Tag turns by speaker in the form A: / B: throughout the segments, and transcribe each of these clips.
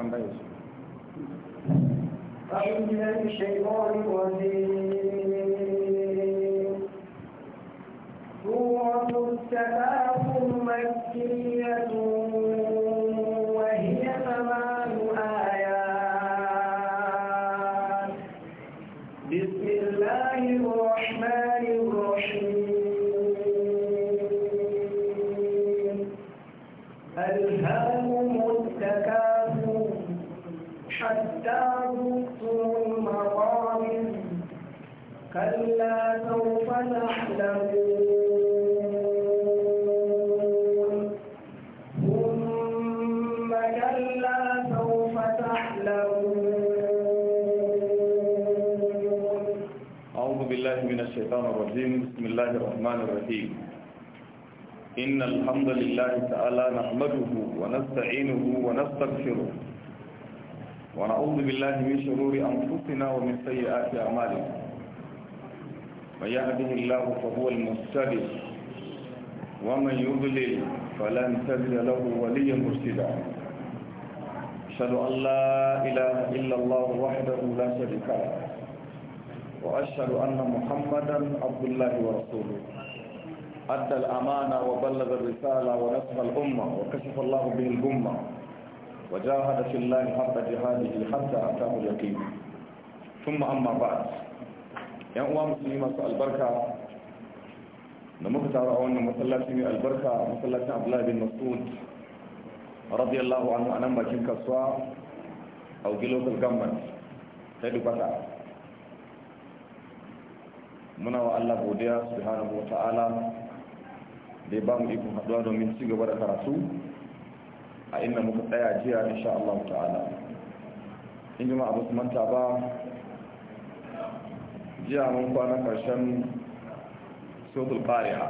A: ondayız.
B: Ayyü'l-Şeyvâni-Vazîn Ruhatü's-Selâfü'l-Mekkiyyetû
A: إن الحمد لله تعالى نحمده ونستعينه ونستغفره ونعوذ بالله من شرور أنفسنا ومن سيئات أعمالنا من يهده الله فهو المهتدي ومن يضلل فلن تجد له وليا مرشدا أشهد أن لا إله إلا الله وحده لا شريك له وأشهد أن محمدا عبد الله ورسوله أدى الأمانة وبلغ الرسالة ونصف الأمة وكشف الله به الأمة وجاهد في الله حق جهاده حتى أتاه اليقين ثم أما بعد يا أمة مسلمة البركة نمك ترى أن مسلسل البركة مسلسل عبد الله بن مسعود رضي الله عنه أنا ما كنت كسوا أو جلوس الجمل تدو بتا muna wa Allah godiya subhanahu wa ta'ala da ya ba mu ikon haɗuwa domin ci gaba da karatu a inda muka tsaya jiya insha Allah ta'ala in ji ma'abu su manta ba jiya mun kwana karshen sotul ƙari'a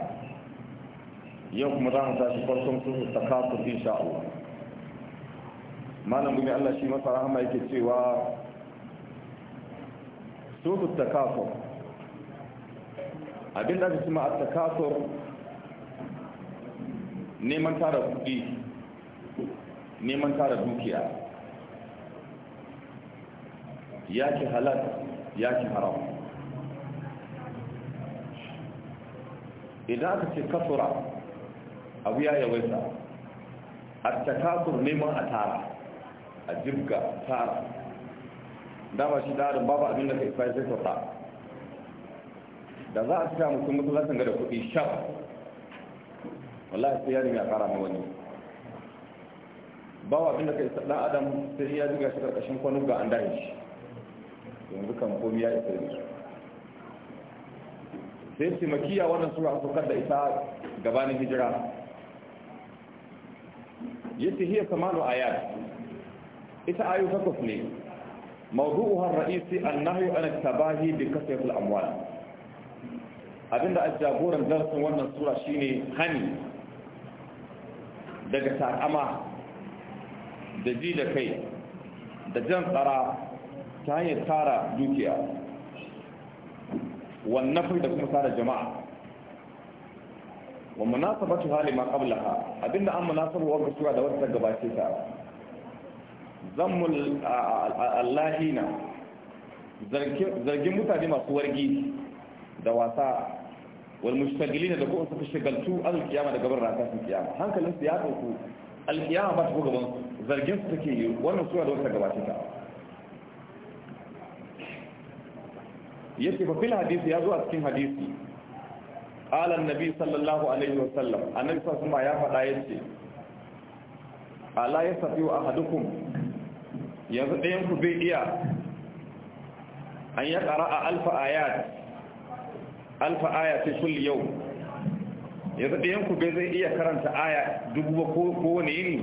A: yau kuma za mu tashi farkon ta takasur insha Allah malam gumi Allah shi masara hama yake cewa ta takasur abin da su cima a takasur neman tara kuɗi neman tara dukiya ya ki halal ya ki haram idan aka ce kasura abu ya yawaita a takasur neman a tara a jirga tara dama shi darin babu abin da ka isa sai sauta da za a cika mutum mutum lasan ga da kuɗi shaf wallahi sai ya dinga fara mai wani ba wa abinda kai dan adam sai ya dinga shi karkashin kwanu ga an dahi shi yanzu kan komi ya isa ne sai su makiya wannan sura sokar da ita gabanin hijira yace hiya samanu ayat ita ayu takwas ne mawdu'uha ar-ra'isi an-nahyu annahu at-tabahi bi kasrati al-amwal abinda ajjaburan darsin wannan sura shine hani daga takama da ji da kai da jan tsara ta hanyar tara dukiya wannan da kuma tara jama'a wa munasabatu hali ma qablaha abinda an munasabu wa sura da wata gabace ta zammul allahina zargin mutane masu wargi da wasa wal mushtagilina da kuma suka shigaltu al kiyama da gaban rata su kiyama hankalin su ya dauku al kiyama ba ta ko gaban zargin su take yi wannan suna da wata gabace ta yace fa fil hadisi ya zo a cikin hadisi qala annabi sallallahu alaihi wa sallam annabi sallallahu alaihi ya faɗa yace ala yasfiu ahadukum yanzu ɗayan ku bai iya an ya ƙara a alfa ayat alfa aya fi kulli yau yanzu ɗayan ku bai zai iya karanta aya dubu ba kowane yini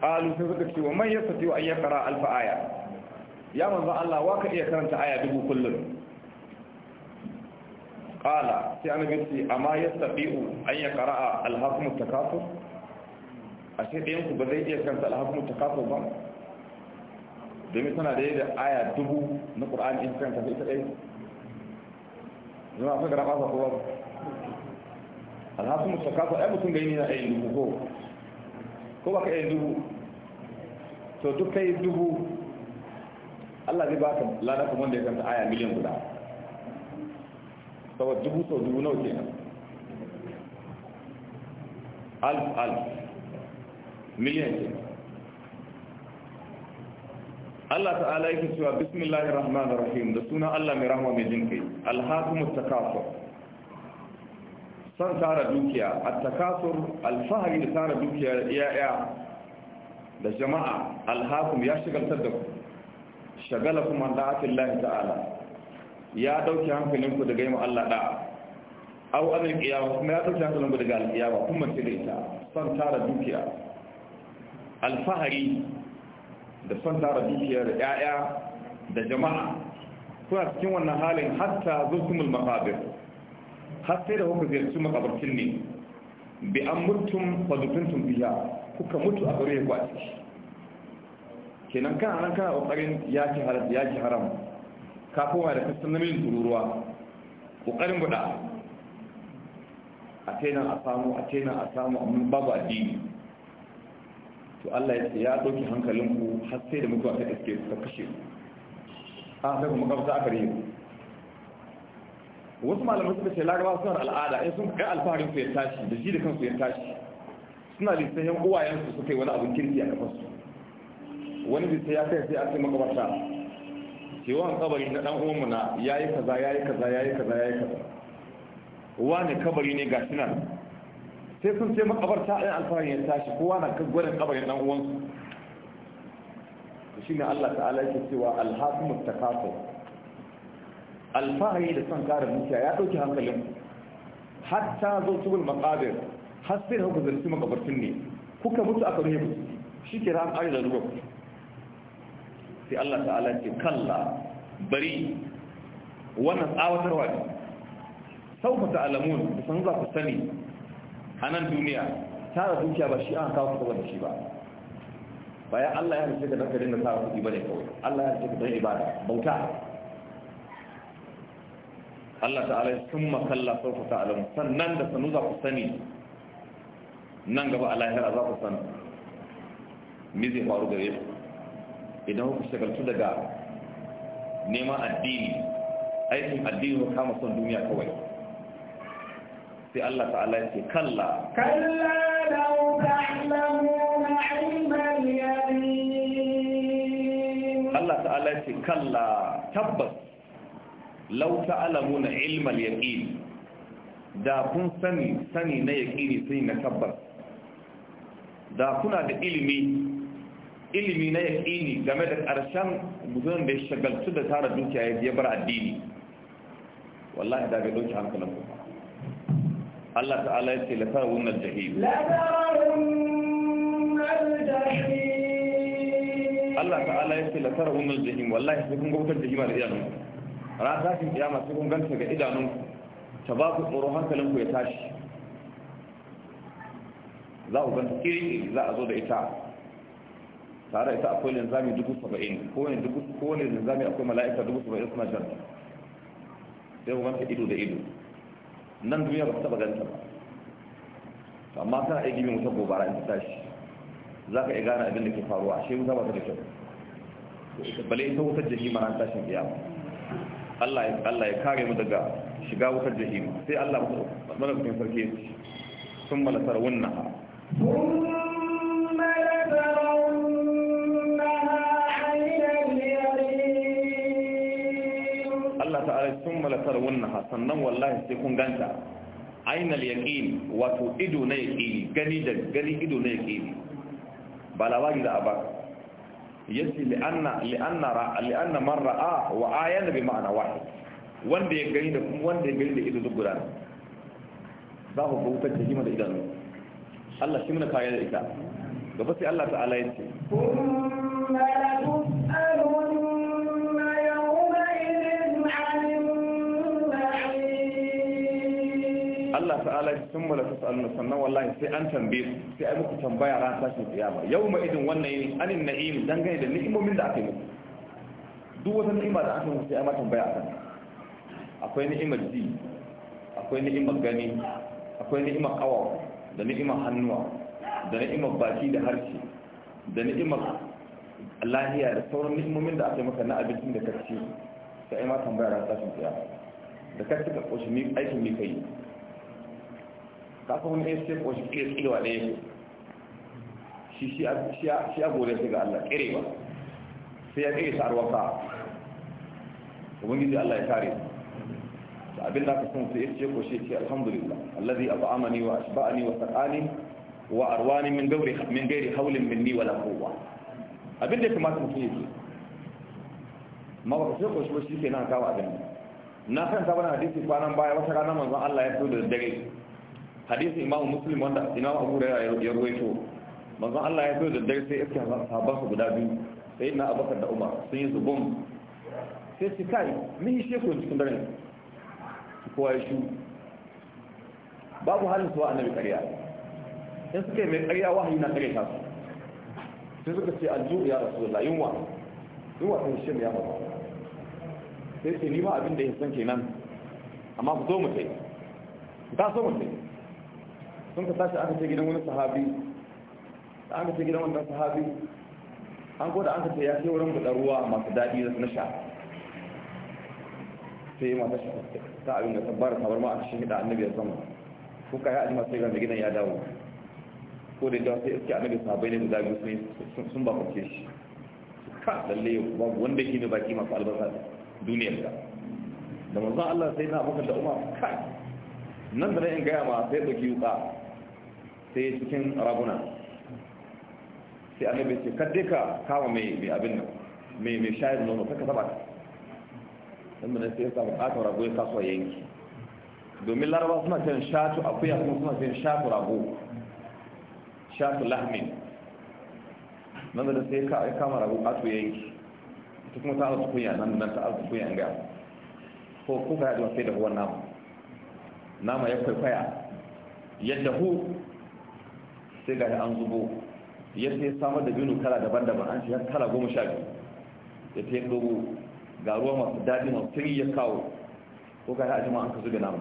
A: ƙalu sai suka ce wa man ya ce wa an ya kara alfa aya ya manzan Allah wa ka iya karanta aya dubu kullum ƙala sai an gaci amma yasa bi'u an ya kara alhakumu takasur a sai ɗayan ku ba zai iya karanta alhakumu takasur ba domin tana da yadda aya dubu na ƙura'an in kan kafin ita ɗaya zama sun gara ƙasa kowa alhasu musu kasa ɗaya mutum gani na ɗaya dubu ko ko ba ka ɗaya dubu to duk kai dubu Allah zai ka lada kuma wanda ya kanta aya miliyan guda saboda dubu sau dubu nawa na? alf alf miliyan kenan Allah ta'ala yake cewa bismillahir rahmanir rahim da suna Allah mai rahama mai jin kai alhaqumut takasur san tara dukiya at-takasur al-fahri da tara dukiya ya'ya da jama'a alhaqum ya shigaltar da ku kuma an da'atillahi ta'ala ya dauke hankalinku daga yin Allah da aw amin al kuma ya dauke hankalinku daga al-qiyama kuma ce da ita san tara dukiya al-fahri da son tara dukiya da ya'ya da jama'a suna cikin wannan halin hatta zulkumul maqabir har sai da kuka ziyarci makabartin ne bi an mutum fa biya kuka mutu a gare ku kenan kana nan kana kokarin ya ci haram ya ci haram ka koma da kasan namijin tururuwa kokarin guda. a tenan a samu a tenan a samu amma babu addini to Allah ya ce ya ɗauki hankalinku har sai da mutuwa ta iske ta kashe a sai kuma kafta aka ku. wasu malamai suka ce larabawa suna al'ada in sun kai alfarin su ya tashi da shi da kansu ya tashi suna lissahin uwayensu su kai wani abin kirki a su wani bisa ya kai sai a ce makabarta cewa kabari na dan uwanmu na yayi kaza yayi kaza yayi kaza yayi kaza wani kabari ne ga shi nan sai sun ce makabarta ɗin alfahari ya tashi kowa na kan gwanin kabarin ɗan uwansu shi ne Allah ta'ala yake cewa alhakumut takasur alfahari da son kare dukiya ya ɗauki hankalin hatta zo su tubul maqabir har sai da ku zarci makabartin ne kuka mutu aka rufe mutu shi ke ran ƙari da ruwa sai Allah ta'ala ce kalla bari wannan tsawatarwa ne sau ku ta'alamun da san za ku sani a nan duniya tara dukiya ba shi an kawo kuɗi ba shi ba bayan Allah ya rike ka da karin da tara kuɗi ne kawai Allah ya rike ka don ibada bauta Allah ta'ala ya summa Makalla sauka ta'alamu sannan da sanu za ku sani nan gaba a lahira za ku san me zai faru gare ku idan ku shagaltu daga neman addini aikin addini ku kama son duniya kawai sai Allah ta'ala ya ce kalla
B: kalla law ta'lamuna 'ilmal yaqin Allah
A: ta'ala ya ce kalla tabbas law ta'lamuna 'ilmal yaqin da kun sani sani na yaqini sai na tabbas da kuna da ilimi ilimi na yaƙini game da ƙarshen mutum da ya shagaltu da tara dukiya ya bar addini wallahi da bai ɗauki hankalin kuma Allah ta'ala ya ce lafa wunar jahim Allah ta'ala ya ce lafa wunar jahim wallahi sai kun ga wutar jahima da idanun ran tashin kiyama sai kun ganta ga idanun ta ba ku tsoro hankalin ku ya tashi za ku ganta kiri za a zo da ita tare ita akwai linzami dubu saba'in kowane dubu kowane linzami akwai mala'ika dubu saba'in suna jan sai ku ganta ido da ido nan duniya ba ta taba ganta ba amma tana aiki min wutar gobara in ta tashi za ka iya gane abin da ke faruwa shi wuta ba ta da kyau bale ita wutar jahima ran tashin kiyama Allah ya Allah ya kare mu daga shiga wutar jahima sai Allah madaukakin sarki ya ce sun malatar wannan kammala thumma latarawunnaha sannan wallahi sai kun ganta ainal yaqin wato ido na yaqini gani da gani ido na yaqini ba labari da abar yace li anna li anna ra li wa ayana bi ma'ana wahid wanda ya gani da kuma wanda ya gani da ido duk guda za ku bauta ta hima da idanu Allah shi muna kaya da ita gaba sai Allah ta'ala ya ce. Allah ta'ala ya sun ta tasallu sannan wallahi sai an tambaye su sai ai muku tambaya ran tashin kiyama yawma idin wannan yini anin na'im dangane da ni'imomin da aka yi muku duk wata ni'ima da aka yi muku sai ai ma tambaya akan akwai ni'imar ji akwai ni'imar gani akwai ni'imar awa, da ni'imar hannuwa da ni'imar baki da harshe da ni'imar lahiya da sauran ni'imomin da aka yi maka na abincin da ka sai ai ma tambaya ran tashin kiyama da ka cika ƙoshi aikin ni ka yi kafin wani ya ce ko shi ke tsiwa ɗaya shi shi a gode shi ga Allah ƙere ba sai ya ƙere sa arwaka ubangiji Allah ya kare su abin da aka sun sai ya ce ko shi ce alhamdulillah allazi amani wa ashba'ani wa sar'ani wa arwani min gairi min gairi haulin minni wala quwwa abin da kuma mutum yake ma ba sai ko shi ke na kawo abin na san sabana hadisi kwanan baya wata rana manzon Allah ya fito da dare hadisin imamu muslim wanda imamu abu da ya ruwaito Manzan Allah ya zo da dare sai iska sabon su guda biyu sai na abakar da umar sun yi zubon sai su kai mun yi da cikin su kowa ya shu babu halin suwa annabi karya. in suka yi mai karya wahayi na karya ta su sai suka ce alju ya rasu da yunwa yunwa ta hishin ya mawa sai ce nima ma abin da ya san kenan amma ku zo mu sai ta so mu sai كنت تاسع أنت تجينا وانا صحابي أنت تجينا وانا صحابي أقول أنت في أخي ورم بالأروع ما تدادي إذا نشع في ما تشع تعب إن تبارك ما برمع الشهيد عن النبي الزمن فوق يا أجمع سيغا تجينا يا داو كود الدواء في أسكي عن النبي صحابي لن تدعي بسمي سنبا قمتش كاد اللي وان بكي نباكي ما فعل بسات دنيا لا لما ظهر الله سيدنا أبو كده أمام كاد نظر إن قيامة سيدك يوقع sai cikin raguna sai annabi ce kadde ka kama mai mai abin nan mai mai shayar nono kaka saba ta dan mun sai sa ba rago ya kasuwa yanki domin laraba suna cin shatu akuya kuma suna cin shatu rago shatu lahmi nan da sai ka kama rago kasuwa yanki ita kuma ta alsu kunya nan nan ta alsu kunya ga ko kuka ya sai da wannan nama nama ya kwaikwaya yadda hu sai ga an zubo ya sai samar da binu kala daban-daban an shi har kala goma sha biyu ya ta yi dogo ga ruwa masu daɗi masu tiri ya kawo ko ka yi ajima an ka zuga namu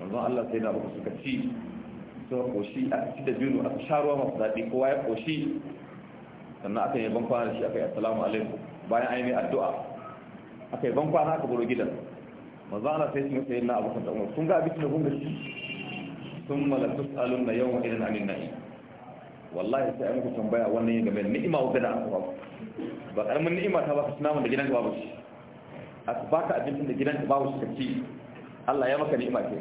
A: wanzu Allah sai na su suka ci su ka koshi a ci da binu a ka sha ruwa masu daɗi kowa ya koshi sannan aka yi ban kwana da shi aka yi assalamu alaikum bayan an yi mai addu'a aka yi ban kwana aka buru gidan manzon Allah sai sun yi sayi na abokan da umar sun ga abin da kun Sun thumma la tus'alunna yawma idhin 'anil na'im wallahi sai an muku tambaya wannan game da ni'ima wa bada ba karamin ni'ima ta baka sunamun da gidanka babu shi a su baka abincin da gidanka babu shi kaci Allah ya maka ni'ima ke,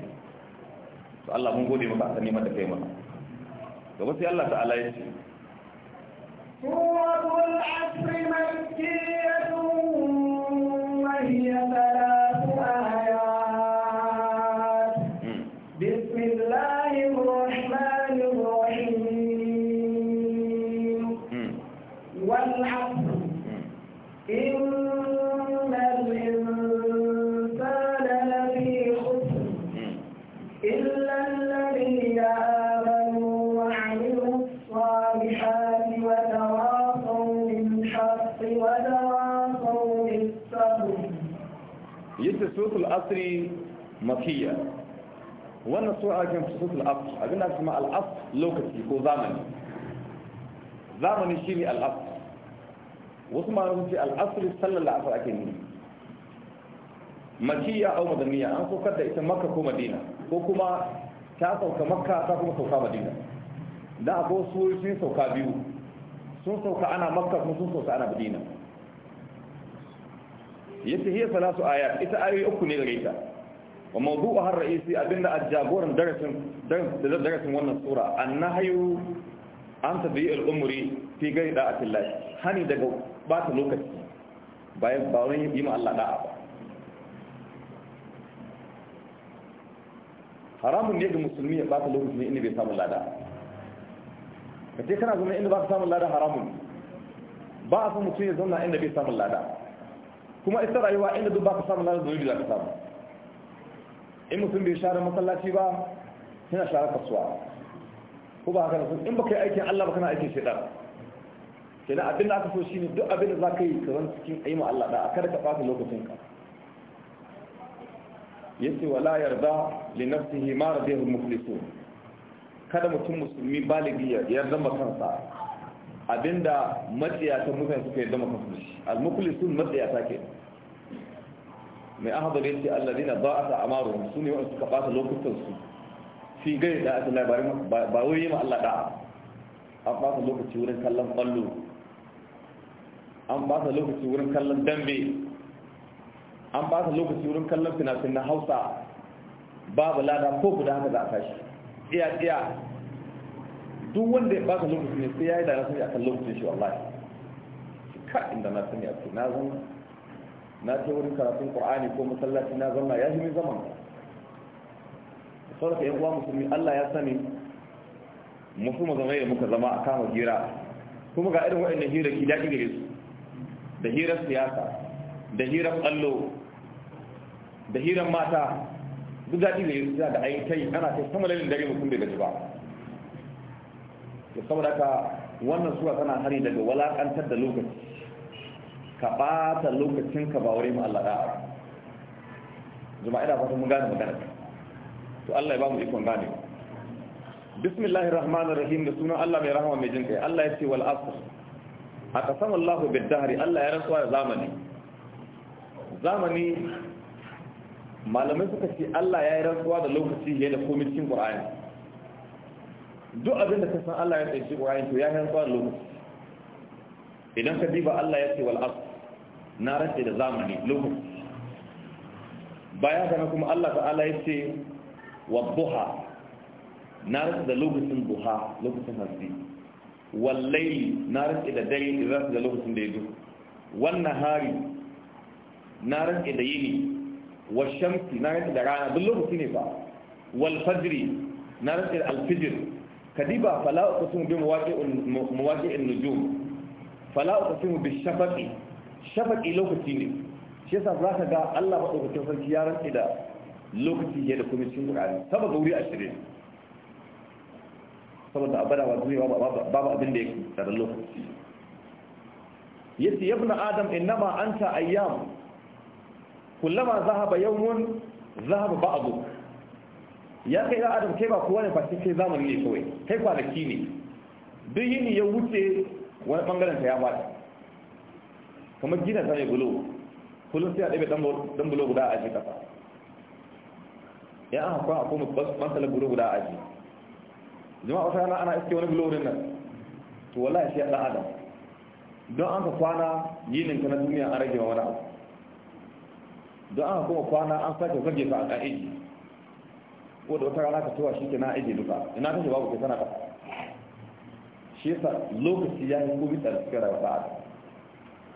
A: to Allah mun gode maka akan ni'imar da kai mana gaba sai Allah ta'ala ya ce
B: Suratul Asr Makkiyah
A: asri Mafiya, wannan sura ake fusus al-asr abinda ake kuma al lokaci ko zamani zamani shi ne asr wasu ma sun ce al-asr sallallahu alaihi ake ni makiya au madaniya an saukar da ita makka ko madina ko kuma ta sauka makka ta kuma sauka madina dan akwai sun sauka biyu sun sauka ana makka kuma sun sauka ana madina yace hiya salasu ayat ita ayoyi uku ne gare ta wa mawdu'u har ra'isi abinda ajagoran darasin darasin wannan sura annahyu an tabi al-umri fi gari atillah hani daga bata lokaci bayan ba wani yi ma Allah da'a ba haramun ne ga musulmi ya bata lokaci ne inda bai samu lada ka kana zama inda ba ka samu lada haramun ba a san mutum ya zauna inda bai samu lada kuma ita rayuwa inda duk baka samu ladan zunubi za ka samu in mutum bai share masallaci ba yana share kasuwa ko ba haka da in baka yi aikin Allah ba kana aikin shaidar. kenan abin da aka so shine duk abin da zaka yi ka zan cikin ayyuma Allah da kada ka fata lokacin ka yace wala yarda li nafsihi ma radiyahu muflisun kada mutum musulmi baligi ya yarda kansa abinda matsiyatan mutane suka yadda makasu shi al-mukhlisun matsiyata ke mai ce ahadar yace ba'a ba'ata amaru sune wanda suka bata lokutan su fi gari da Allah ba ba wai ma Allah da an ba ta lokaci wurin kallon ballo an ba ta lokaci wurin kallon dambe an ba ta lokaci wurin kallon fina-finan Hausa babu lada ko guda haka za a tashi iya iya duk wanda ya baka lokaci ne sai ya yi da na sani a kan lokacin shi wallahi ka inda na sani a na zama na ce wurin karatun qur'ani ko masallaci na zama ya yi min zaman saboda yan uwa musulmi Allah ya sani musu zama da muka zama a kama hira kuma ga irin waɗannan hira ki daɗi gare su da hirar siyasa da hirar allo da hirar mata duk daɗi gare su da ainihin ana kai sama lalin dare mutum bai gaji ba to saboda ka wannan sura tana hari daga walakantar da lokaci ka bata lokacin ka ba wurin Allah da'a jama'a ina fata mun gane magana to Allah ya ba mu ikon gane bismillahir rahmanir rahim da sunan Allah mai rahama mai jin kai Allah ya ce wal asr aqsama Allahu bid dahri Allah ya rantsuwa da zamani zamani malamai suka ce Allah ya yi rantsuwa da lokaci yayin da komai cikin Qur'ani duk abin da ka san Allah ya tsaye Qur'ani to ya yi tsawon lokaci idan ka diba Allah ya ce wal na rantsa da zamani lokaci bayan kana kuma Allah ta'ala ya ce wa duha na rantsa da lokacin duha lokacin hasi Wallai na rantsa da dai, na rantsa da lokacin da ya duhu wan nahari na rantsa da yini wa shamsi na rantsa da rana duk lokaci ne ba wal fajri na rantsa da alfijir. kadiba fala uqsimu bi mawaqi'in nujum fala uqsimu bi shafaqi shafaqi lokaci ne shi yasa za ka ga Allah madaukakin sarki ya rantsi da lokaci ya da kuma cikin Qur'ani saboda wuri 20 saboda abada wa duniya babu abin da yake tsaron lokaci yace ya ibn adam innama anta ayyam kullama zahaba yawmun zahaba ba'duk ya kai da adam kai ba kowa ne fashin kai zamani ne kawai kai kwanaki ne duk yi ne ya wuce wani bangaren ta ya faɗi kamar gina ta bulo kullum sai a ɗabe ɗan bulo guda a aji ba ya an hakuwa a kuma masala bulo guda a aji jama'a wata ana iske wani bulo wurin nan to ya shi ya ɗan adam don an ka kwana yinin ka na duniya an rage wa wani abu don an ka kuma kwana an sake zage ka a ka'iji ko da wata rana ka cewa shi ke na aiki duka ina ta babu ke sana kasa shi yasa lokaci ya yi gobe tsarkiyar rayuwa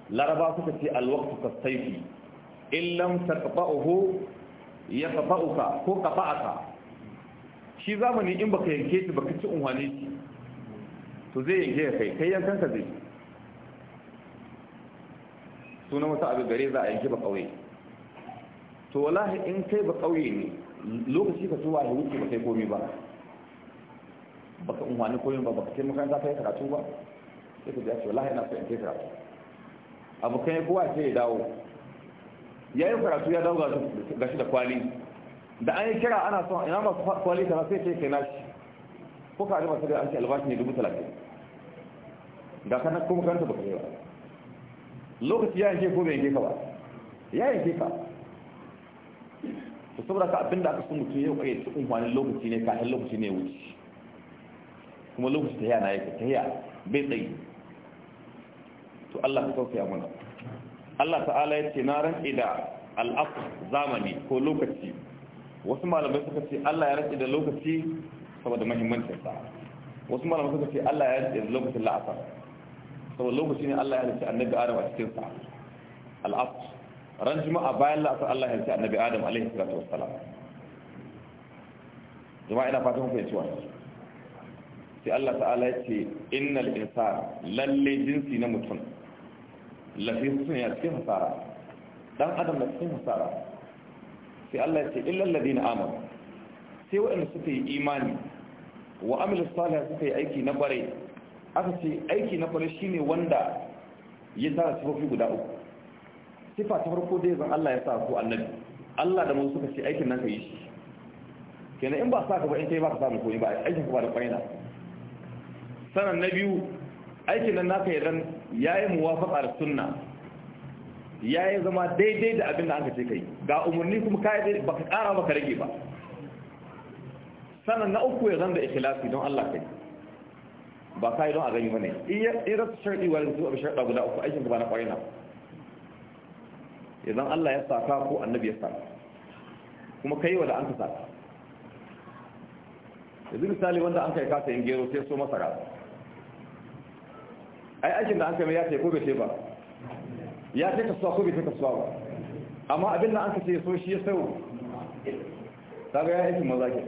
A: laraba suka ce alwaktu ka saifi in lam kafa uka ko aka shi zamani in baka yanke shi baka ci unwani shi to zai yanke kai kai yankan ka zai sunan wasu abu gare za a yanke ba kawai to wallahi in kai ba kauye ne lokaci ka tuwa ya wuce ba sai komi ba baka umarni komi ba baka kai makaranta ta yi karatu ba sai ka ji wallahi ina so in kai karatu kai kowa ce ya dawo ya yi karatu ya dawo ga shi da kwali da an yi kira ana son ina masu kwali ta sai ce kai nashi ko ka ji masu da an ce albashi ne dubu talatin ga kanan kuma karanta baka yi ba lokaci ya yanke ko bai yanke ka ba ya yanke ka to saboda ka abinda aka sun mutum yau kai tukun wani lokaci ne kafin lokaci ne wuce kuma lokaci ta yana yake ta bai tsayi to Allah ka tausaya mana Allah ta'ala ya ce na rantsi da al'asr zamani ko lokaci wasu malamai suka ce Allah ya rantsi da lokaci saboda muhimmancin sa wasu malamai suka ce Allah ya rantsi da lokacin la'asar saboda lokaci ne Allah ya rantsi annabi Adam a cikin sa al'asr ran juma'a bayan la'asar Allah ya ce annabi Adam alaihi salatu wassalam jama'a ina fatan ku yaci wannan sai Allah ta'ala ya ce innal insana lalle jinsi na mutum lafi ne a cikin hasara dan adam na cikin hasara sai Allah ya ce illal ladina amanu sai waɗanda suka yi imani wa amilus salih suka yi aiki na bare aka ce aiki na bare shine wanda ya tara sifofi guda uku sifa ta farko dai zan Allah ya sa ku annabi Allah da mun suka ce aikin nan ka yi shi kenan in ba sa ka ba in kai ba ka samu koyi ba aikin ka ba da kwaina sanan na biyu aikin nan naka ya ran yayi muwafaqa da sunna yayi zama daidai da abin da an ka ce kai ga umurni kuma kai ba ka kara ba ka rage ba sanan na uku ya zan da ikhlasi don Allah kai ba kai don a gani bane in ya rasu sharɗi wa yanzu abin sharɗa guda uku aikin ka ba na kwaina idan Allah ya saka ko annabi ya saka kuma kai wanda an ka saka yanzu misali wanda an kai kasa yin gero sai so masara ai aikin da an kai mai ya ce ko bai ce ba ya ce kasuwa ko bai ce kasuwa ba amma abin da an ka ce so shi ya sau ta ga ya aikin maza ke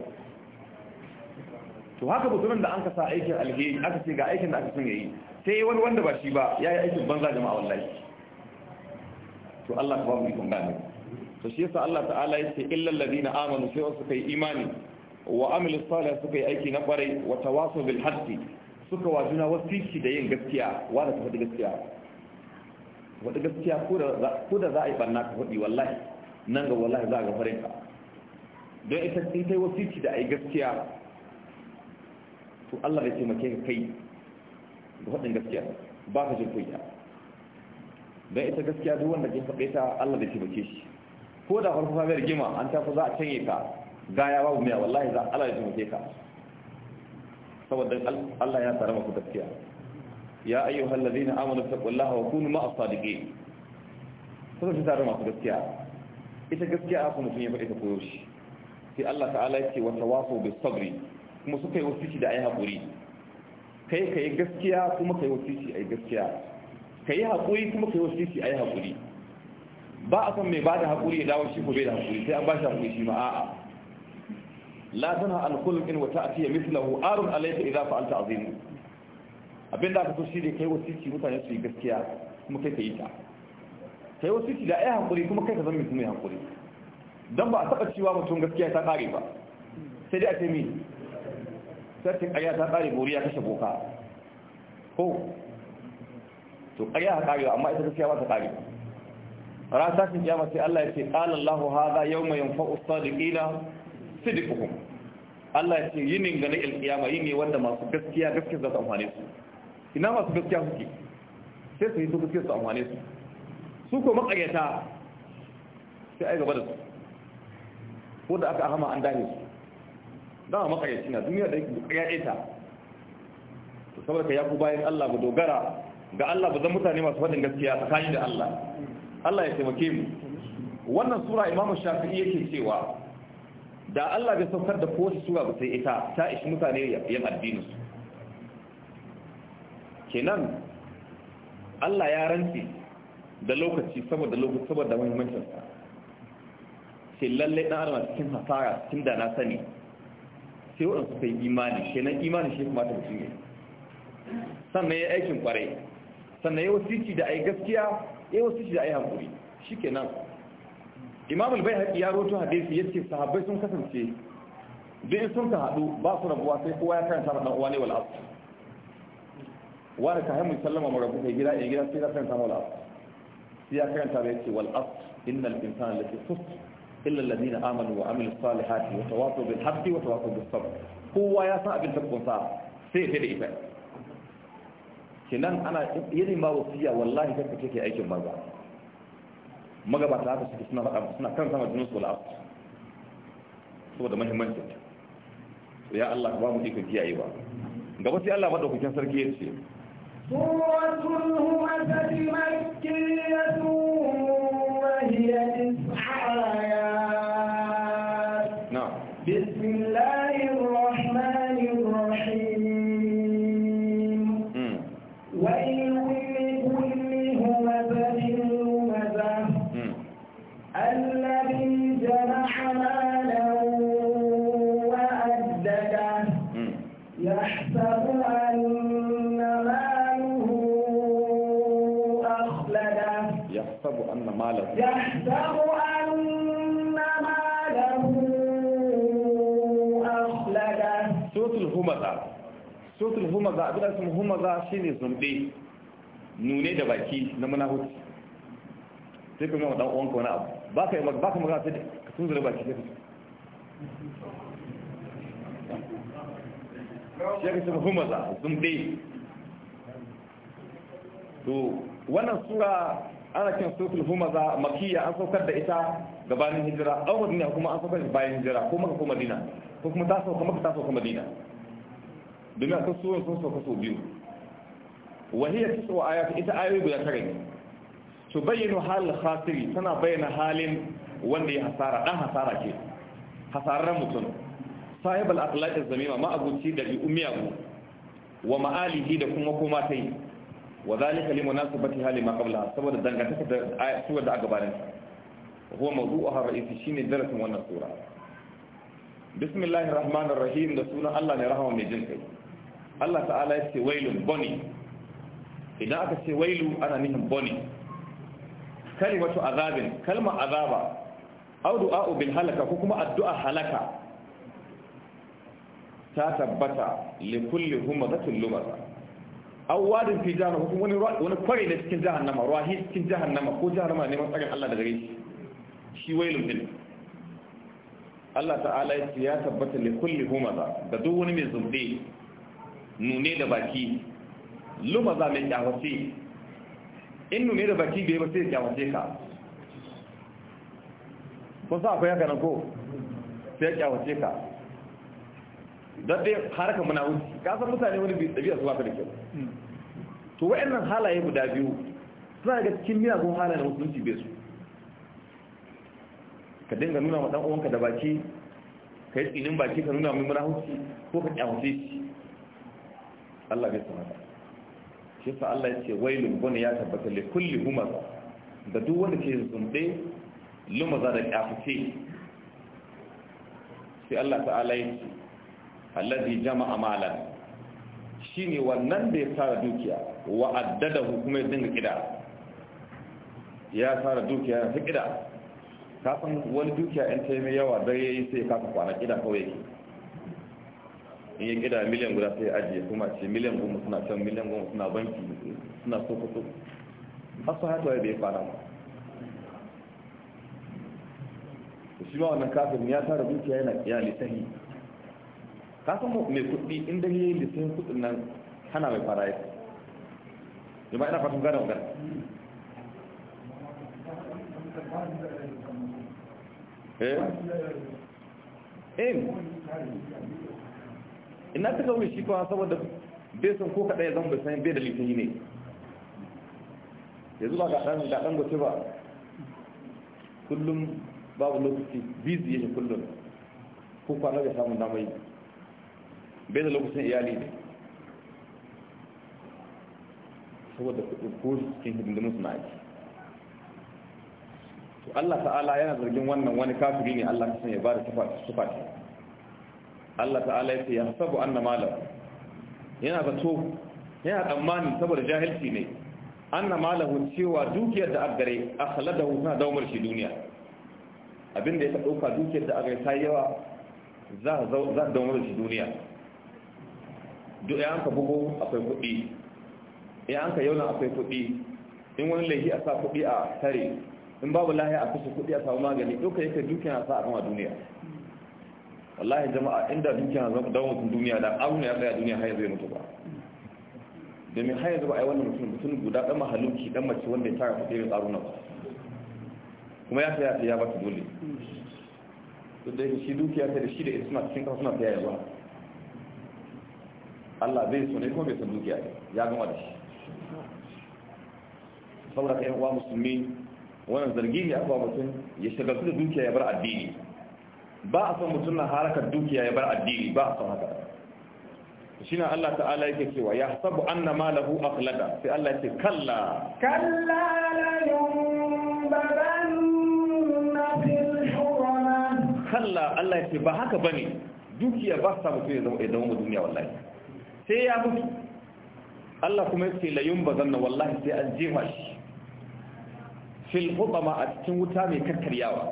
A: to haka mutumin da an ka sa aikin alheri aka ce ga aikin da aka sun yayi sai wani wanda ba shi ba ya yi aikin banza jama'a wallahi to Allah ka ba mu ikon gane to shi yasa Allah ta'ala yace illal ladina amanu sai wasu kai imani wa amilus salih suka yi aiki na kwarai wa tawasaw bil haqqi suka wa juna wasiki da yin gaskiya wa da faɗi gaskiya da gaskiya ko da za a yi banna ka faɗi wallahi nan ga wallahi za a ga farin ka don ita in kai wasiki da a yi gaskiya to Allah ya taimake ka kai da faɗin gaskiya ba ka jin kunya don ita gaskiya duk wanda ke faɗe ta Allah zai taimake shi ko da farko ka bai rigima an tafi za a canye ka gaya babu miya wallahi za Allah ya taimake ka saboda Allah ya tsara maka gaskiya ya ayyuhal ladina amanu taqullaha wa kunu ma'as sadiqin kuma shi tsara maka gaskiya ita gaskiya aka mutum ya faɗe ta koyo shi sai Allah ta'ala yake wa tawafu bis sabri kuma suka yi wasiki da ayi hakuri kai kai gaskiya kuma kai wasiki ayi gaskiya ka yi haƙuri kuma ka yi wasiki a yi haƙuri ba a san mai ba da haƙuri ya dawo shi ko bai da haƙuri sai an ba shi haƙuri shi ma a'a la tana alkhulq in wata a wa ta'ti mithluhu arun alayka idza fa'alta azim abinda aka so shi ne kai wasiki mutane su yi gaskiya kuma kai ka yi ta kai wasiki da a yi haƙuri kuma kai ka zama mutum mai haƙuri Don ba a taba cewa mutum gaskiya ta ƙare ba sai dai a ce mi sai ta kariya ta kare buriya kashe boka ko to ƙarya ha ƙarewa amma ita gaskiya ba ta ƙare ran tashin kiyama sai Allah ya ce qala Allahu hadha yawma yanfa'u as-sadiqina sidquhum Allah ya ce yinin ganin na alkiyama yini wanda masu gaskiya gaskiya za su amfane su ina masu gaskiya suke sai su yi su gaskiya su amfane su su ko maƙaryata sai ai gaba da su ko da aka hama an dame su dama makaryaci na duniya da ya ɗaya ta saboda ka ya ku bayan Allah mu dogara ga Allah ba zan mutane masu faɗin gaskiya tsakani da Allah Allah ya taimake mu wannan sura Imam Shafi'i yake cewa da Allah bai saukar da kowace sura ba sai ita ta ishi mutane yan addinin su kenan Allah ya rantsi da lokaci saboda lokaci saboda muhimmancin sa sai lalle dan arma cikin hasara cikin da na sani sai waɗansu sai imani kenan imani shi kuma ta cikin sannan ya aikin kwarai sannan ya wasiki da ai gaskiya ya wasiki da ai hankuri nan. imam bai baihaqi ya roto hadisi ce sahabbai sun kasance duk sun ka hadu ba su rabuwa sai kowa ya karanta ma ɗan'uwa ne wal wani ka hamu sallama mu rabu kai gida ya gida sai ya karanta ma wal sai ya karanta da yace wal asr innal insana lafi khusr illa alladhina amanu wa amilus salihati wata wato bin haqqi wata wato bin sabu kowa ya san abin da sai ya fi da ita kinan ana yin ma wasiya wallahi kai kake ke aikin maza magabata haka suke suna faɗa suna kan sama jinin su la'a saboda muhimmancin ya Allah ba mu ikon kiyaye ba gaba sai Allah madaukakin sarki ya ce
B: suratul humaza makkiyatu
A: يحسب أن ماله يحسب
B: أن ماله أخلده
A: سورة الهمزة سورة الهمزة أبدا اسم nune da baki na sai kuma dan uwan ka abu ba ka ba ka magana sai tun zura baki sai ka sun to wannan sura ana kin suratul humaza makiyya an saukar da ita gabanin hijira aw madina kuma an saukar da bayan hijira ko maka ko madina ko kuma ta sauka maka ta sauka madina domin a kasuwan sun sauka sau biyu wahiyar tisu ayat ita ayoyi guda tare ne Su bayyana halin khasiri tana bayyana halin wanda ya hasara dan hasara ke hasarar mutum sahib al-akhlaq az-zamima ma abuci da bi umiyagu wa ma'alihi da kuma koma tai wa zalika li munasabati hali ma qabla saboda dangantaka da suwar da aka bayan huwa mawdu'uha ra'isi shine darasin wannan sura bismillahir rahmanir rahim da sunan Allah ne rahama mai jin kai Allah ta'ala ya ce wailun boni idan aka ce wailu ana nihin boni kalimatu azabin kalma azaba au du'a'u bil halaka ko kuma addu'a halaka ta tabbata li kulli humazatin lumaza awwadin fi jahannama kuma wani wani kware ne cikin jahannama rahi cikin jahannama ko jahannama neman tsarin Allah daga gare shi shi wailun din Allah ta'ala ya ce ya tabbata li kulli humaza da duk wani mai zumbe nune da baki lumaza mai kyawace in nune da baki bai ba sai kyawace ka kun sa akwai haka nan ko sai kyawace ka don dai harkar muna wuce kasan mutane wani bai biyar su ba da kyau to wa'annan halaye guda biyu suna daga cikin miyagun na musulunci bai su ka dinga nuna wa ɗan'uwanka da baki ka yi tsinin baki ka nuna mai hutu ko ka kyamace shi Allah bai sanata shi sa Allah ya ce wailun bane ya tabbata le kulli humaza da duk wanda ke zunde lumaza da kyafuce sai Allah ta'ala ya ce allazi jama'a malan shine wannan da ya tsara dukiya wa addada hukumai ya dinga kida ya tsara dukiya ta kida kafin wani dukiya in ta yi yawa dare yayi sai kafa kwana kida kawai yake in ya kida miliyan guda sai ajiye kuma ce miliyan goma suna can miliyan goma suna banki suna so ko so sun hatuwa ya bai kwana ma shi ma wannan kafin ya tsara dukiya yana iyali sahi ka san mai kuɗi in dare da sun kuɗin nan hana mai fara yake ba ina fatan gane magana eh in eh. ina ta kawai shi kawai saboda bai san ko kaɗai zan bai san bai da litin ne yanzu ba ga ɗan ga ɗan gote ba kullum babu lokaci busy yake kullum ko kwanar da samun damar yi bai da lokacin iyali ne saboda ko cikin hidindimin suna aiki to Allah ta'ala yana zargin wannan wani kafiri ne Allah ta ya ba da tufafi Allah ta'ala ya ce ya sabu anna malam yana zato yana tsammanin saboda jahilci ne anna malahu cewa dukiyar da agare akhladahu na daumar shi duniya abinda ya ta dauka dukiyar da agare ta yawa za a daumar shi duniya duk ya hanka bugu akwai kuɗi ya hanka yauna akwai kuɗi in wani laifi a sa kuɗi a tare in babu lahiya a kusa kuɗi a samu magani duka yake dukiya na sa a kama duniya wallahi jama'a inda dukiya na zama mutum duniya da abu ya tsaya duniya har zai mutu ba domin har yanzu ba a yi wannan mutum mutum guda ɗan mahalunki ɗan mace wanda ya tara kuɗi mai tsaro na ba kuma ya tsaya ya ba ta dole duk da shi dukiya ta da shi da ita suna cikin kafa suna tsaya yanzu Allah bai so ne kuma bai san dukiya ne ya gama da shi saboda kai uwa musulmi wannan zargi ne akwai mutum ya shagaltu da dukiya ya bar addini ba a son mutum na harakar dukiya ya bar addini ba a son haka shine Allah ta'ala yake cewa ya hasabu anna malahu akhlada sai Allah yake kalla
B: kalla la yumbaranna fil hurama
A: kalla Allah yake ba haka bane dukiya ba sa mutum ya zama ya zama duniya wallahi sai ya mutu Allah kuma ya ce layun ba zanna wallahi sai an jefa shi fil a cikin wuta mai kakkaryawa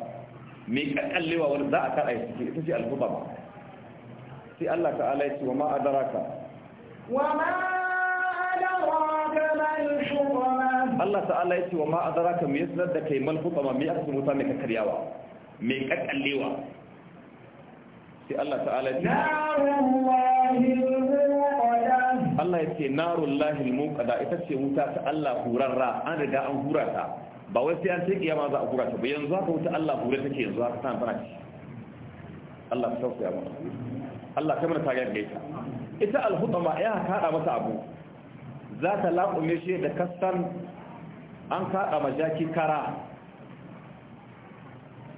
A: mai kakkallewa wani za a tara ya cike ita ce al sai Allah ta'ala ya ce wa ma adaraka
B: wa ma adaraka mal hubama
A: Allah ta'ala ya ce wa ma adaraka mai sanar da kai mal hubama mai aka wuta mai kakkaryawa mai kakkallewa sai Allah ta'ala ya ce Allah ya ce narun lahil muqada ita ce wuta ta Allah hurarra an riga an hura ta ba wai sai an ce kiyama za a hura ta ba yanzu haka wuta Allah hura take yanzu haka tana tana ci Allah ta tausaya mana Allah kai mana ta gaya yarda ita ita alhutama ya kada mata abu za ta laƙume shi da kasan an kada majaki kara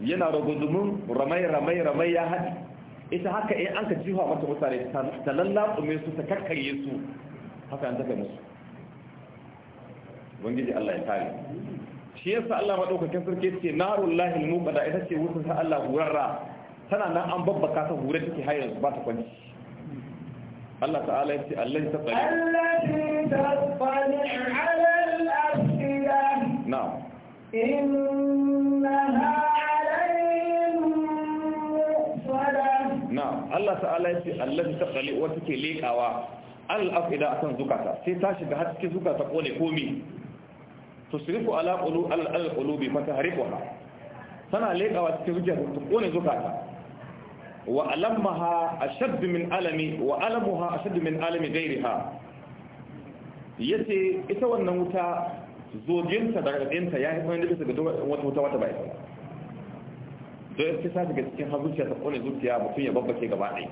A: yana rugudumin ramai ramai ramai ya haɗi ita haka in an ka jiwa mata mutane ta lallatsume su ta kakkarye su haka an taka musu ubangiji Allah ya tare shi yasa Allah madaukakin sarki ce narul lahil muqada ita ce wutar ta Allah hurarra tana nan an babbaka ta hurar take hayar ba ta kwanci Allah ta'ala ya ce Allah ya tsare Allah
B: ta tsare ala al-afsida na'am
A: Allah ta'ala ya ce allazi taqali wa take lekawa al-afida akan zukata sai ta shiga har cikin zukata kone komi sirifu ala qulu al-qulubi fatahriquha tana lekawa cikin zukata ta kone zukata wa alamaha ashadd min alami wa alamuha ashadd min alami ghayriha yace ita wannan wuta zoginta da ya yayi wani da bisa ga wata wata bai ya ce sa ga cikin hazuciya ta kone zuciya mutum ya babbace gaba ɗaya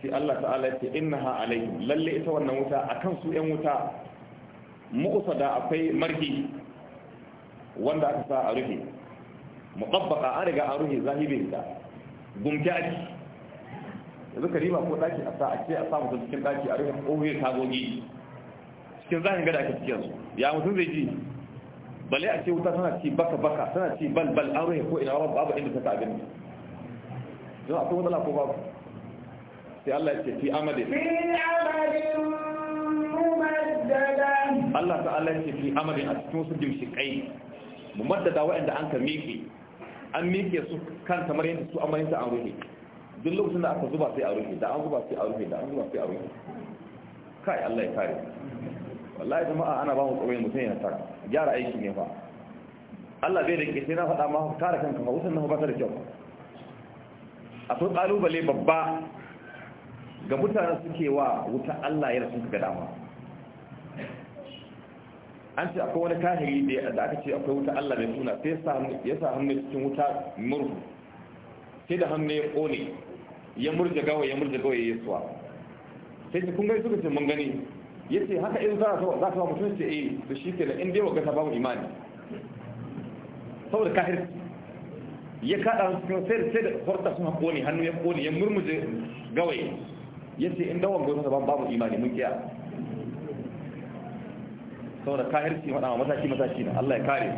A: sai Allah ta'ala ya ce ha alaihim lalle ita wannan wuta akan su ƴan wuta muqsada akwai marki wanda aka sa a rufe muqabbaqa an riga an rufe zahibin ta gumke ake yanzu ka riba ko daki a sa a ce a sa mutum cikin daki a rufe ƙofar tagogi cikin zahin gada ake cikin su ya mutum zai ji bale a ce wuta tana ci baka baka tana ci bal bal an rufe ko ina babu babu inda ta abin don akwai matsala ko babu sai Allah ya ce fi amade Allah ta'ala ya ce fi amade a cikin wasu gimshikai mu maddada waɗanda an ka miƙe an miƙe su kan kamar yadda su amma ta an rufe duk lokacin da aka zuba sai a rufe da an zuba sai a rufe da an zuba sai a rufe kai Allah ya kare wallahi jama'a ana ba mu tsoron mutum yana tara gyara aiki ne ba Allah bai da ke sai na faɗa ma kare kanka ba wutan nan ba ta da kyau akwai ƙalubale babba ga mutanen suke wa wuta Allah ya rasu ga dama an ce akwai wani kahiri da aka ce akwai wuta Allah mai suna sai ya sa hannu cikin wuta murhu sai da hannu ya kone ya murje gawa ya murje gawa ya yi suwa sai ta kun suka ce mun gani yace haka in za ta za ta mutum ce eh da shi ke in dai wagga ta babu imani saboda kafir ya kada cikin sai sai da farta sun koni hannu ya koni ya murmuje gawai yace in da wagga ta babu imani mun kiya saboda kahirci madama mataki mataki na Allah ya kare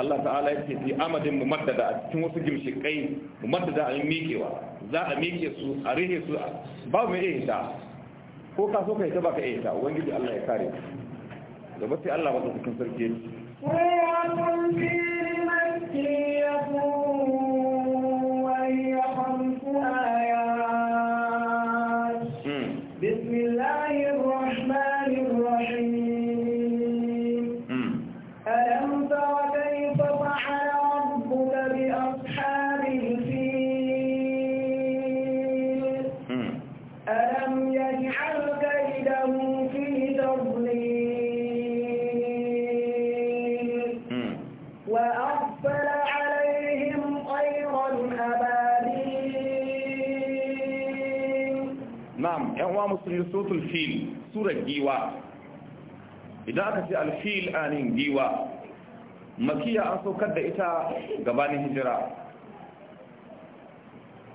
A: Allah ta'ala ya ce fi amadin mumaddada a cikin wasu gimshikai mumaddada a yi mikewa za a mike su a rihe su babu mai iya ko ka so ka ita baka iya ta ubangiji Allah ya kare ba sai Allah ba ta cikin sarki
B: yake
A: ne sotul fil surar giwa idan aka ce alfil anin giwa makiya an saukar da ita gabanin hijira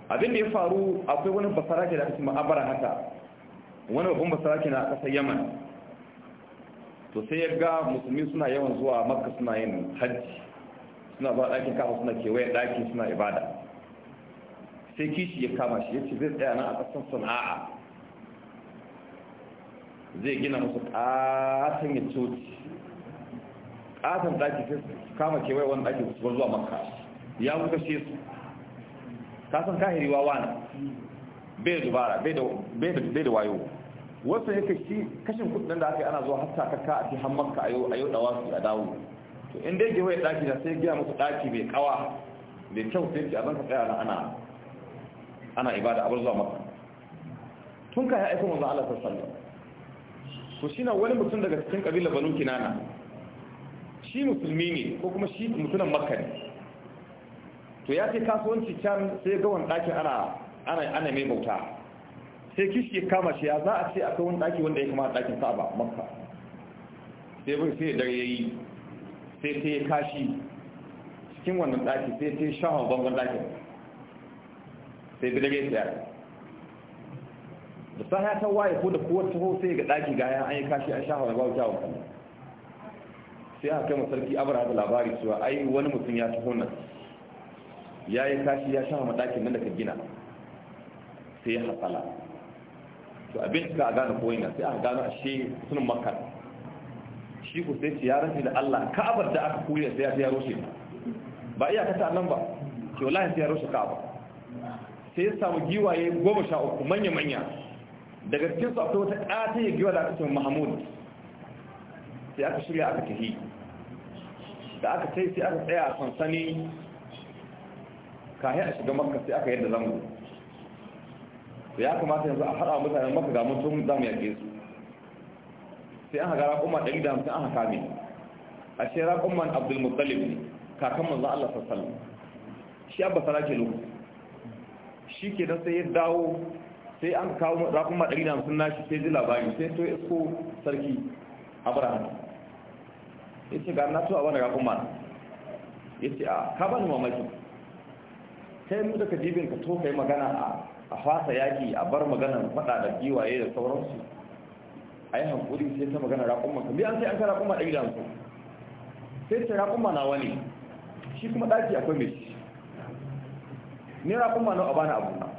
A: abin da ya faru akwai wani basarake da aka ce ma'abara haka wani babban basarake na kasar yaman to sai ya ga musulmi suna yawan zuwa makka suna yin hajji suna zuwa ɗakin kafa suna kewaye ɗaki suna ibada sai kishi ya kama shi ya ce zai tsaya na a ƙasar sana'a zai gina musu ƙaton ya coci ƙaton ɗaki sai kama kewaye wani ɗaki su zuwa makka ya kuka shi su kasan kahiriwa wani bai dubara bai da wayo wasu ya kashi kashin kudin da aka yi ana zuwa hatta kaka a cikin makka a yau da wasu a dawo to inda ya kewaye ɗaki na sai gina musu ɗaki mai kawa mai kyau sai ce a zanka tsaya ana ana ibada a bar zuwa makka tun ka ya aiko mazan Allah sallallahu to shi na wani mutum daga cikin kabilar banu kinana shi musulmi ne ko kuma shi mutumin makka ne to ya ce kasuwanci can sai ga wani ɗakin ana ana mai bauta sai kishi ya kama shi ya za a ce akwai wani ɗaki wanda ya kama ɗakin saba makka sai bai sai dare ya yi sai sai ya kashi cikin wannan ɗaki sai sai shahon bangon ɗakin sai dare ya tsaya da ya ta waye ko da kowar taho sai ga daki ga yan an yi kashi an ba wuta wuta sai aka kai sarki abara da labari cewa ai wani mutum ya taho nan ya yi kashi ya shafa madakin nan da ka gina sai ya hasala to abin ka a gane koyi sai aka gano shi sunan makar shi ku sai ya rafi da Allah ka'abar da aka kuri sai ya ta yaro ba iya kata nan ba ke ya sai ya rushe ka'aba sai ya samu giwaye goma sha uku manya-manya daga cikin su akwai wata ƙata ya giwa da aka cewa mahamud sai aka shirya aka tafi da aka tai sai aka tsaya a sansani kayan a shiga makka sai aka yadda zango sai ya kamata yanzu a haɗa mutanen maka ga mutum za mu yake su sai an gara kuma ɗari da hamsin an haka a a shi raƙumman Abdul ne kakan manzo allah wasallam shi abba sana ke lokaci shi ke da sai ya dawo sai an kawo na 150 nashi sai ji labari sai to isko sarki abraham ya ce ga na a wani rakuma ya ce a ka bani mamaki sai mu daga jibin ka to kai magana a fasa yaki a bar magana fada da giwaye da sauransu a yi hankuri sai ta magana rakuma ka biyan sai an ka na 150 sai ta rakuma na wani shi kuma ɗaki akwai mai shi ne rakuma na a bani abu na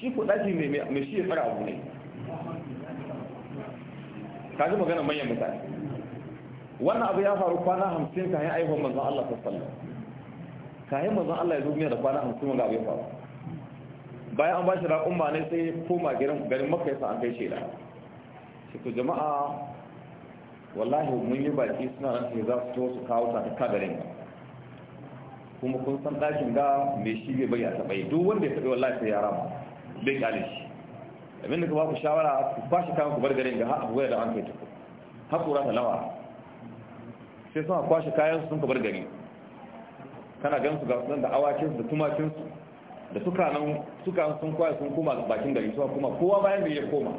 A: shi ko mai shi ya fara abu ne ka ji magana manyan mutane wannan abu ya faru kwana hamsin ka kayan aihon manzan Allah Ka yi manzan Allah ya zo miya da kwana hamsin wanda abu ya faru bayan an ba shi ra'umma ne sai koma garin maka yasa an kai da shi ku jama'a wallahi mun yi baki suna nan ya za su to su kawo ta ta garin kuma kun san ɗakin ga mai shi bai bayyana ta bai duk wanda ya taɓa wallahi sai ya rama bai kyale shi abinda ka ba ku shawara ku bashi shi kayan ku bar garin ga har abu da an kai tuku haƙura ta lawa sai suna kwashe kayan sun ka bar gari kana gan su ga sun da awakin da tumakin su da suka nan suka sun kwashe sun koma bakin gari suka kuma kowa bayan gari ya koma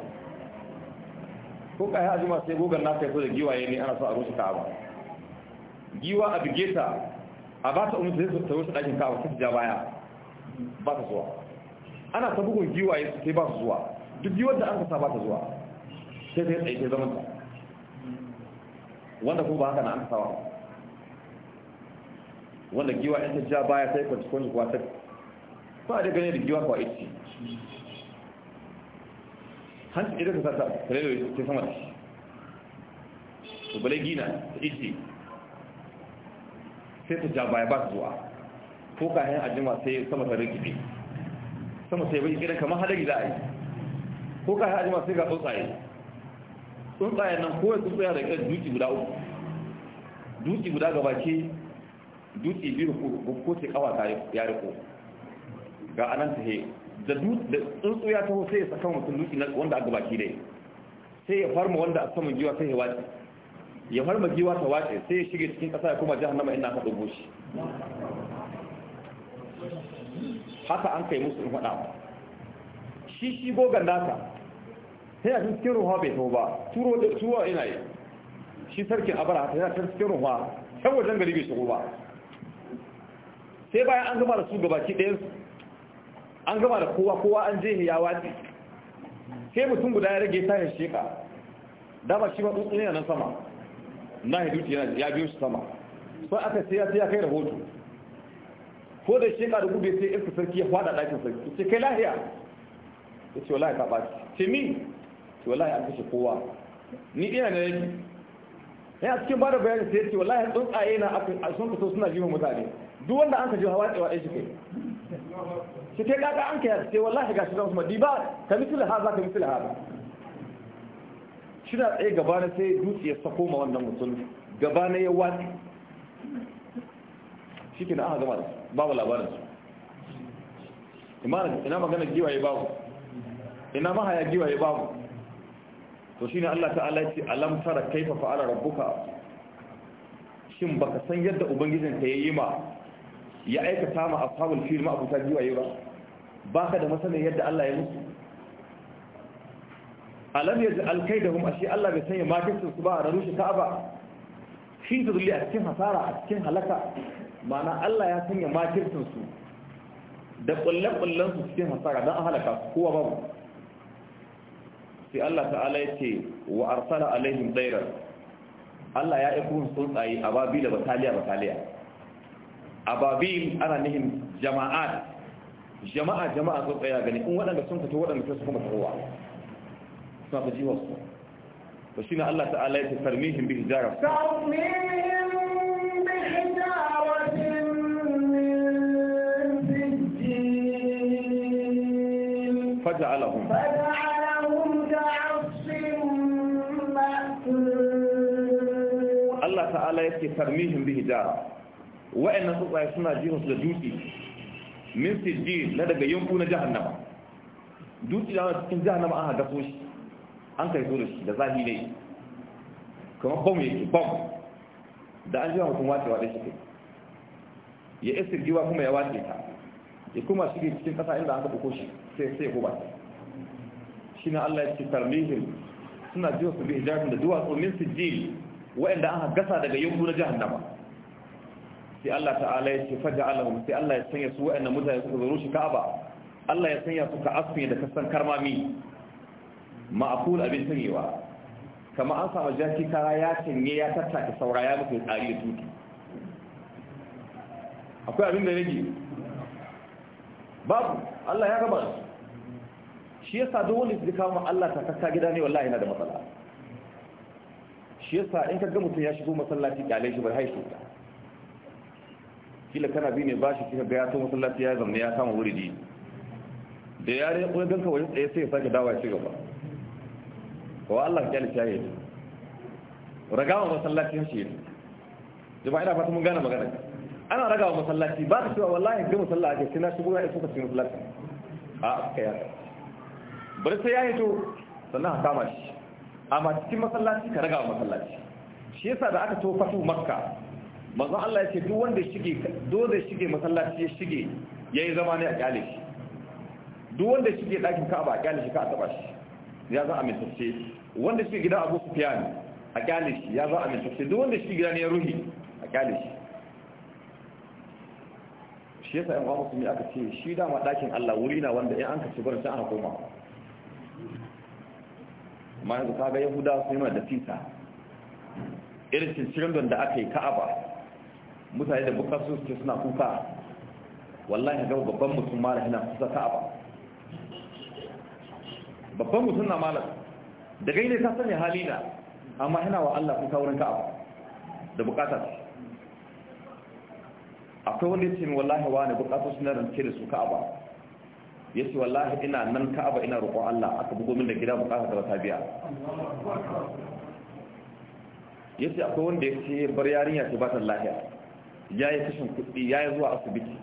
A: ko kai azuma sai gogan na kai so da giwaye ne ana so a rushe ka'aba giwa a bige ta a ba ta umu sai su ta su ɗakin ka'aba su ja baya ba ta zuwa ana ta bugun giwaye sai ba su zuwa duk giwar da an ka ba ta zuwa sai sai tsaye zama ta wanda kuma ba haka na an sawa wanda giwa yan ta ja baya sai kwanci kwanci kwa ta ba da gane da giwa kwa ita hanci idan ka sata tare da ta sama da su bale gina ta ita sai ta ja baya ba su zuwa ko kayan ajima sai sama ta rikibi sama sai bai kira kamar hadari za a yi ko ka haji masu ga tsuntsaye tsuntsaye nan kowai tsuntsaye da kan duki guda uku duki guda gaba ke duki biyu ko ce kawa ta ya riko ga anan ta he da tsuntsaye ya taho sai ya saka mutum na wanda a gaba dai sai ya farma wanda a saman giwa sai ya wace ya farma giwa ta wace sai ya shige cikin kasa ya kuma jahannama ina ka dubo shi haka an kai musu in faɗa shi shi gogan nasa sai a cikin ruwa bai tau ba turo da tuwa ina yi shi sarkin abara ta yana cikin ruwa can wajen gari bai shigo ba sai bayan an gama da su gabaki su an gama da kowa kowa an je ya wace sai mutum guda ya rage tahin sheka dama shi ma tsuntsun yana nan sama na hiduti ya biyo shi sama sai aka sai ya kai rahoto ko da shi na da gudu sai iska sarki ya fada ɗakin sarki ce kai lahiya ya ce wallahi ka ɓaci ce mi ce wallahi an kashe kowa ni ina na yake yana cikin ba da bayanin sai ce wallahi tsaye na a sun kaso suna jima mutane duk wanda an ka ji hawa tsewa ɗaya shi kai shi kai kaga an kai sai wallahi shi zan kuma diba ka mutu ha za ka misali ha shi na tsaye gaba na sai dutse ya sako ma wannan mutum gaba na ya watsi shi ke na aka gama da su babu labarin su ina magana giwaye babu ina mahaya giwaye babu to shine Allah ta'ala ya ce alam tara kaifa fa'ala rabbuka shin baka san yadda ubangijinka yayi ma ya aikata ma ashabul fil ma abuta giwaye ba baka da masanin yadda Allah ya musu alam yaj'al kaidahum ashi Allah bai sanya makisu su ba a rushe ka'aba shi ta zulli a cikin hasara a cikin halaka ma'ana Allah ya sanya makircin da kullen-kullen su cikin hasara don a halaka kowa babu sai Allah ta'ala ya ce wa arsala alaihim dairar Allah ya aiko musu tsuntsaye a da bataliya bataliya a babil ana nihin jama'a jama'a jama'a tsuntsaye gani in waɗanda sun fito waɗanda sun kuma tahowa suna ta jiwa su shi shine Allah ta'ala ya ce tarmihim bi hijara
B: tarmihim
A: فجعلهم فجعلهم كعصف
B: مأكول
A: الله تعالى يكي ترميهم بهجارة وإن نصطع يسمى جيهوس لجوتي من سجين لدى ينقون جهنم دوتي لأنا تكون جهنم أها دفوش أنت يقولش لذاهي لي كما بوم يكي بوم da an jiwa mutum wacewa da shi ya isir giwa kuma ya wace ta ya kuma shi cikin kasa inda aka buko shi sai sai guba shi na Allah ya ce tarmihim suna jiwa su bi hijabin da duwatsu min sijil wa'anda aka gasa daga yungu na jahannama sai Allah ta'ala ya ce faja Alamu sai Allah ya sanya su wa'anda mutane suka zaro shi ka'aba Allah ya sanya su ka asfi da kasan karmami ma'akul abin sanyewa kama an samu jaki kara ya cinye, ya tattake saura ya mutu tsari da tutu akwai abin da rage babu Allah ya gaba su shi sa duk wanda zai kawo Allah ta kasa gida ne wallahi na da matsala shi sa in kaga mutum ya shigo masallaci kyale shi bai haishi ta kila kana bi ne bashi kika ga ya so masallaci ya zamne ya kama wuri da rai ko ganka wajen tsaye sai ya sake dawa ya ci gaba wa Allah kyale shi yi ragawa masallaci shi ba ina fata mun gane magana ana ragawa masallaci ba ka cewa wallahi ga masallaci ake sai na shigo na iso ka cikin masallaci a aka yaka bari sai ya hito sannan a kama shi amma cikin masallaci ka ragawa masallaci shi yasa da aka to fatu makka manzo Allah ya ce duk wanda shige dole shige masallaci ya shige yayi zama ne a kyale shi duk wanda shige dakin Ka'aba a kyale shi ka taba shi ya za a mintacce wanda shige gidan Abu Sufyan a kyale shi ya za a mintacce duk wanda shige gidan ya ruhi a kyale shi shi yasa yan uwa musulmi aka ce shi dama dakin Allah wuri na wanda in an ka shigar ta sai aka koma amma yanzu kaga yahuda sun yi da fita irin cincirin da aka yi ka'aba mutane da bukar su suke suna kuka wallahi ga babban mutum mara hina kusa ka'aba babban mutum na malam da ne ka sani halina amma hina wa Allah kuka wurin ka'aba da bukatar akwai wanda ce min wallahi wani bukatu suna rance da su ka'aba ce wallahi ina nan ka'aba ina roƙon Allah aka bugo min da gida bukata da wata biya Ya ce akwai wanda ya ce bar yarinya ce ba ta Ya yi kashin kuɗi yi zuwa asibiti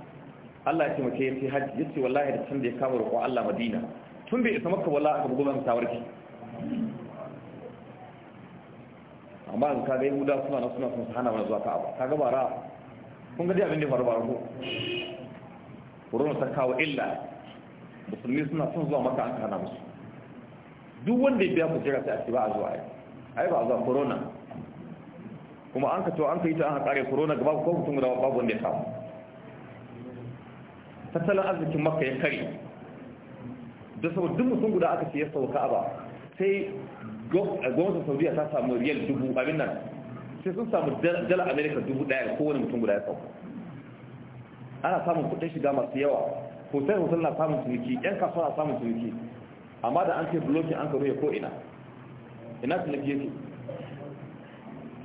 A: Allah ya ce mace ya ce hajji ya ce wallahi da can da ya kama roƙon Allah Madina tun bai isa maka wallahi aka bugo min ta warke amma in ka ga Yahuda suna na suna sun hana mana zuwa ka'aba kaga bara kun ga abin da faru faru wurin ta kawo illa musulmi suna son zuwa maka an hana musu duk wanda ya biya ku jira sai a ce ba a zuwa ai ba a zuwa corona kuma an ka to an ka yi ta an kare corona gaba ko mutum guda babu wanda ya kawo tattalin arzikin maka ya kare da saboda duk mutum guda aka ce ya sauka ba sai gwamnatin saudiya ta samu riyal dubu abin nan sai sun samu dala amerika dubu daya kowane mutum guda ya sauka ana samun kudin shiga masu yawa hotel hotel na samun ciniki yan kasuwa na samun ciniki amma da an ce bloki an karo ya ko ina ina ciniki yake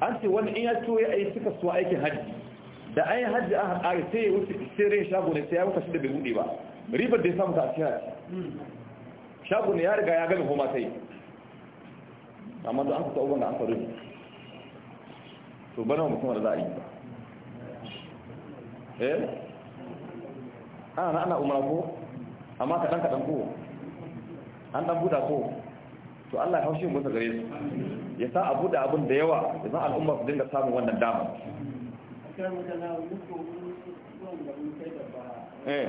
A: an ce wani in ya ciwo ya yi suka suwa aikin hajji da an yi hajji an haƙari sai ya wuce sai rai shago ne sai ya wuce shi da bai buɗe ba ribar da ya samu ta a shago ne ya riga ya gami homa sai amma da an kusa uban da an faru ne to bana mutum da za a yi ba eh ana ana umara ko amma kaɗan kaɗan ko an ɗan buda ko to Allah ya haushe musu gare su ya sa a buɗe abin da yawa ya zan al'umma su dinga samun wannan dama eh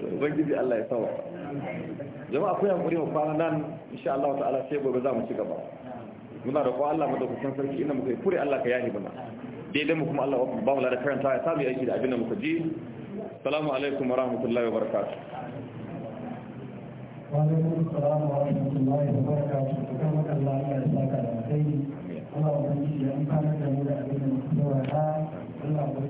A: to ubangiji Allah ya sawa
C: jama'a akwai hankuri
A: mu kwana nan insha Allah ta'ala sai gobe za mu ci gaba muna da ko Allah mu daukakan sarki ina muka yi Allah ka yahi mana daidai mu kuma Allah ba mu da karanta ya samu aiki da abin da muka ji assalamu alaikum wa rahmatullahi wa barakatuh
C: wa alaikum assalam wa rahmatullahi wa barakatuh kuma Allah ya saka da kai Allah ubangiji ya amfana da mu da abin da muka saurara Allah